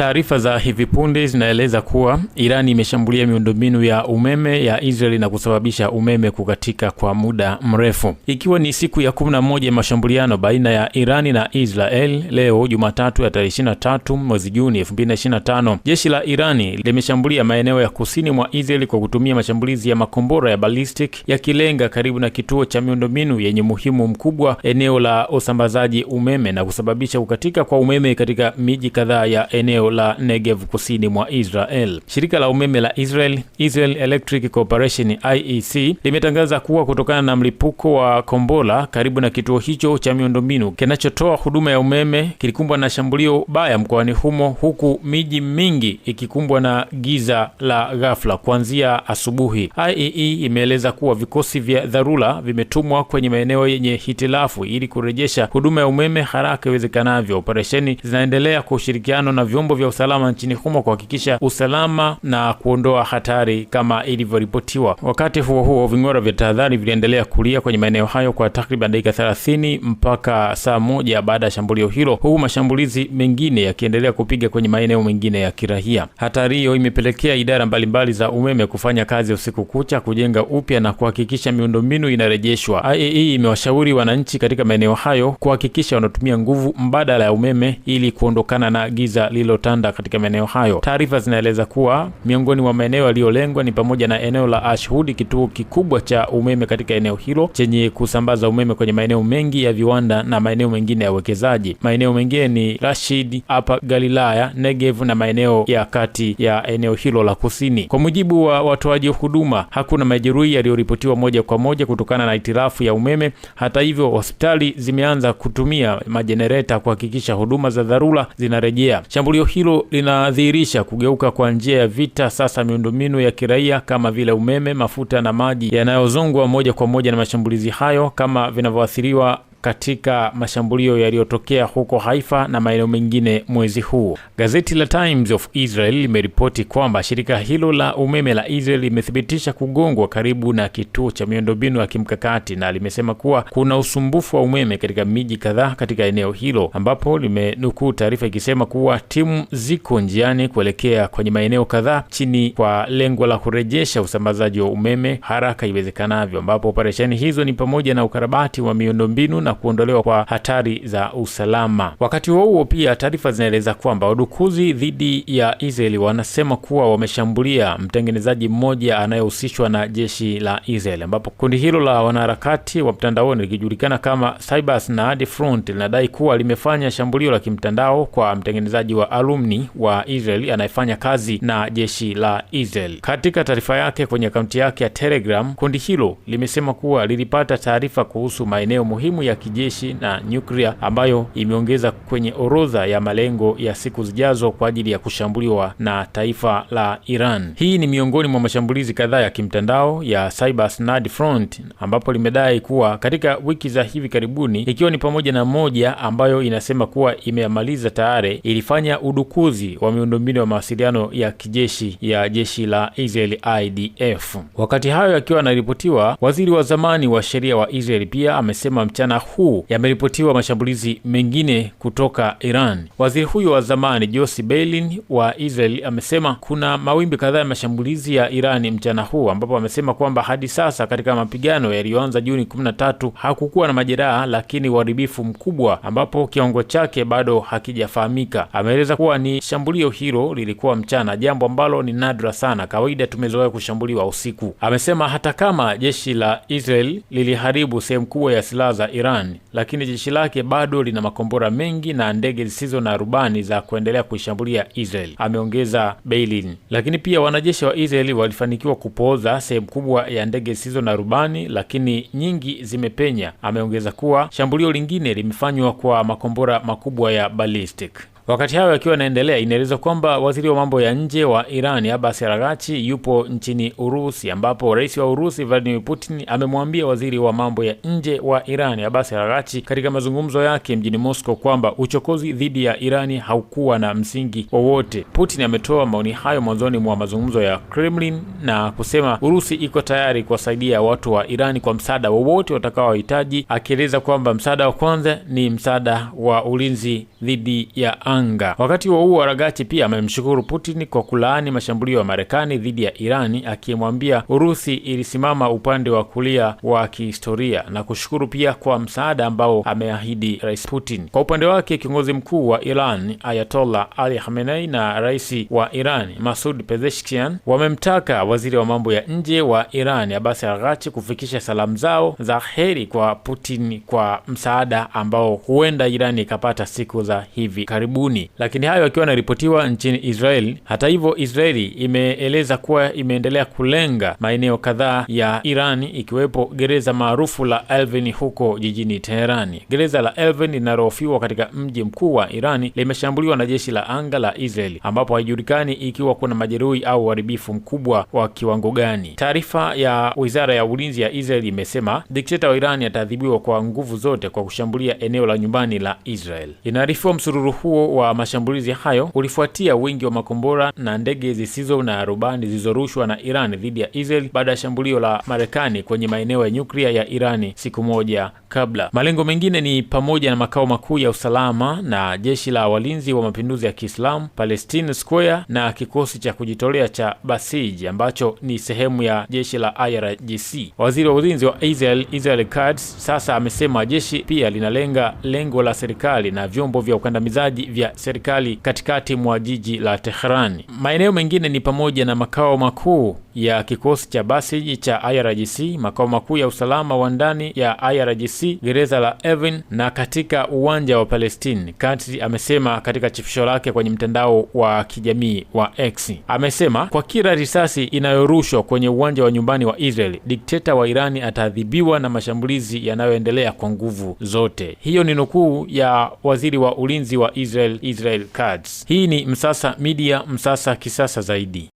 Taarifa za hivi punde zinaeleza kuwa Iran imeshambulia miundombinu ya umeme ya Israeli na kusababisha umeme kukatika kwa muda mrefu, ikiwa ni siku ya 11 ya mashambuliano baina ya Irani na Israel. Leo Jumatatu ya tarehe 23 mwezi Juni 2025, jeshi la Irani limeshambulia maeneo ya kusini mwa Israeli kwa kutumia mashambulizi ya makombora ya ballistic yakilenga karibu na kituo cha miundombinu yenye muhimu mkubwa, eneo la usambazaji umeme na kusababisha kukatika kwa umeme katika miji kadhaa ya eneo la Negev kusini mwa Israel. Shirika la umeme la Israel, Israel Electric Corporation IEC, limetangaza kuwa kutokana na mlipuko wa kombola karibu na kituo hicho cha miundombinu kinachotoa huduma ya umeme kilikumbwa na shambulio baya mkoani humo, huku miji mingi ikikumbwa na giza la ghafla kuanzia asubuhi. IEE e imeeleza kuwa vikosi vya dharura vimetumwa kwenye maeneo yenye hitilafu ili kurejesha huduma ya umeme haraka iwezekanavyo. Operesheni zinaendelea kwa ushirikiano na vyombo vyombo vya usalama nchini humo kuhakikisha usalama na kuondoa hatari kama ilivyoripotiwa. Wakati huo huo, ving'ora vya tahadhari viliendelea kulia kwenye maeneo hayo kwa takriban dakika thelathini mpaka saa moja baada ya shambulio hilo, huku mashambulizi mengine yakiendelea kupiga kwenye maeneo mengine ya kirahia. Hatari hiyo imepelekea idara mbalimbali za umeme kufanya kazi usiku kucha kujenga upya na kuhakikisha miundombinu inarejeshwa. IAEA e imewashauri wananchi katika maeneo hayo kuhakikisha wanatumia nguvu mbadala ya umeme ili kuondokana na giza lilo yaliyotanda katika maeneo hayo. Taarifa zinaeleza kuwa miongoni mwa maeneo yaliyolengwa ni pamoja na eneo la Ashhud, kituo kikubwa cha umeme katika eneo hilo chenye kusambaza umeme kwenye maeneo mengi ya viwanda na maeneo mengine ya uwekezaji. Maeneo mengine ni Rashid, hapa Galilaya, Negev na maeneo ya kati ya eneo hilo la kusini. Kwa mujibu wa watoaji huduma, hakuna majeruhi yaliyoripotiwa moja kwa moja kutokana na itirafu ya umeme. Hata hivyo, hospitali zimeanza kutumia majenereta kuhakikisha huduma za dharura zinarejea. Shambulio hilo linadhihirisha kugeuka kwa njia ya vita. Sasa miundombinu ya kiraia kama vile umeme, mafuta na maji yanayozongwa moja kwa moja na mashambulizi hayo, kama vinavyoathiriwa katika mashambulio yaliyotokea huko Haifa na maeneo mengine mwezi huu. Gazeti la Times of Israel limeripoti kwamba shirika hilo la umeme la Israel limethibitisha kugongwa karibu na kituo cha miundombinu ya kimkakati na limesema kuwa kuna usumbufu wa umeme katika miji kadhaa katika eneo hilo, ambapo limenukuu taarifa ikisema kuwa timu ziko njiani kuelekea kwenye maeneo kadhaa chini kwa lengo la kurejesha usambazaji wa umeme haraka iwezekanavyo, ambapo operesheni hizo ni pamoja na ukarabati wa miundombinu na na kuondolewa kwa hatari za usalama. Wakati huo huo, pia taarifa zinaeleza kwamba wadukuzi dhidi ya Israeli wanasema kuwa wameshambulia mtengenezaji mmoja anayehusishwa na jeshi la Israeli, ambapo kundi hilo la wanaharakati wa mtandaoni likijulikana kama Cyber Jihad Front linadai kuwa limefanya shambulio la kimtandao kwa mtengenezaji wa alumni wa Israel anayefanya kazi na jeshi la Israel. Katika taarifa yake kwenye akaunti yake ya Telegram, kundi hilo limesema kuwa lilipata taarifa kuhusu maeneo muhimu ya kijeshi na nyuklia ambayo imeongeza kwenye orodha ya malengo ya siku zijazo kwa ajili ya kushambuliwa na taifa la Iran. Hii ni miongoni mwa mashambulizi kadhaa ya kimtandao ya Cybersnad Front ambapo limedai kuwa katika wiki za hivi karibuni, ikiwa ni pamoja na moja ambayo inasema kuwa imeamaliza tayari, ilifanya udukuzi wa miundombinu ya mawasiliano ya kijeshi ya jeshi la Israel IDF. Wakati hayo yakiwa anaripotiwa waziri wa zamani wa sheria wa Israel pia amesema mchana huu yameripotiwa mashambulizi mengine kutoka Iran. Waziri huyo wa zamani Josi Beilin wa Israel amesema kuna mawimbi kadhaa ya mashambulizi ya Iran mchana huu, ambapo amesema kwamba hadi sasa katika mapigano yaliyoanza Juni 13 hakukuwa na majeraha, lakini uharibifu mkubwa ambapo kiwango chake bado hakijafahamika. Ameeleza kuwa ni shambulio hilo lilikuwa mchana, jambo ambalo ni nadra sana. Kawaida tumezoea kushambuliwa usiku. Amesema hata kama jeshi la Israel liliharibu sehemu kubwa ya silaha za Iran Iran, lakini jeshi lake bado lina makombora mengi na ndege zisizo na rubani za kuendelea kuishambulia Israel, ameongeza Beilin. Lakini pia wanajeshi wa Israel walifanikiwa kupooza sehemu kubwa ya ndege zisizo na rubani, lakini nyingi zimepenya. Ameongeza kuwa shambulio lingine limefanywa kwa makombora makubwa ya ballistic. Wakati hayo yakiwa yanaendelea, inaelezwa kwamba waziri wa mambo ya nje wa Irani Abbas Araghchi yupo nchini Urusi, ambapo rais wa Urusi Vladimir Putin amemwambia waziri wa mambo ya nje wa Irani Abbas Araghchi katika mazungumzo yake mjini Moscow kwamba uchokozi dhidi ya Irani haukuwa na msingi wowote. Putin ametoa maoni hayo mwanzoni mwa mazungumzo ya Kremlin na kusema Urusi iko tayari kuwasaidia watu wa Irani kwa msaada wowote watakaohitaji, akieleza kwamba msaada wa kwanza ni msaada wa ulinzi dhidi ya anga. Wakati huo huo, Aragachi pia amemshukuru Putin kwa kulaani mashambulio ya Marekani dhidi ya Irani, akimwambia Urusi ilisimama upande wa kulia wa kihistoria na kushukuru pia kwa msaada ambao ameahidi Rais Putin. Kwa upande wake, kiongozi mkuu wa Iran Ayatollah Ali Khamenei na rais wa Iran masud Pezeshkian wamemtaka waziri wa mambo ya nje wa Iran Abbas aragachi kufikisha salamu zao za heri kwa Putin kwa msaada ambao huenda Irani ikapata siku za hivi karibuni karibuni, lakini hayo akiwa anaripotiwa nchini Israel. Hata hivyo, Israeli imeeleza kuwa imeendelea kulenga maeneo kadhaa ya Iran, ikiwepo gereza maarufu la Elvin huko jijini Teherani. Gereza la Elvin linalohofiwa katika mji mkuu wa Irani limeshambuliwa na jeshi la anga la Israeli, ambapo haijulikani ikiwa kuna majeruhi au uharibifu mkubwa wa kiwango gani. Taarifa ya wizara ya ulinzi ya Israeli imesema dikteta wa Irani ataadhibiwa kwa nguvu zote kwa kushambulia eneo la nyumbani la Israel. Inaarifiwa msururu huo wa mashambulizi hayo ulifuatia wingi wa makombora na ndege zisizo na rubani zilizorushwa na Iran dhidi ya Israel baada ya shambulio la Marekani kwenye maeneo ya nyuklia ya Irani siku moja kabla. Malengo mengine ni pamoja na makao makuu ya usalama na jeshi la walinzi wa mapinduzi ya Kiislamu Palestine Square na kikosi cha kujitolea cha Basij ambacho ni sehemu ya jeshi la IRGC. Waziri wa ulinzi wa Israel Israel Katz sasa amesema jeshi pia linalenga lengo la serikali na vyombo vya ukandamizaji vya ya serikali katikati mwa jiji la Tehrani. Maeneo mengine ni pamoja na makao makuu ya kikosi cha Basij cha IRGC makao makuu ya usalama wa ndani ya IRGC gereza la Evin na katika uwanja wa Palestine. Kati amesema katika chifisho lake kwenye mtandao wa kijamii wa X, amesema kwa kila risasi inayorushwa kwenye uwanja wa nyumbani wa Israel, dikteta wa Irani ataadhibiwa na mashambulizi yanayoendelea kwa nguvu zote. Hiyo ni nukuu ya waziri wa ulinzi wa Israel Israel Katz. Hii ni Msasa Media, Msasa kisasa zaidi.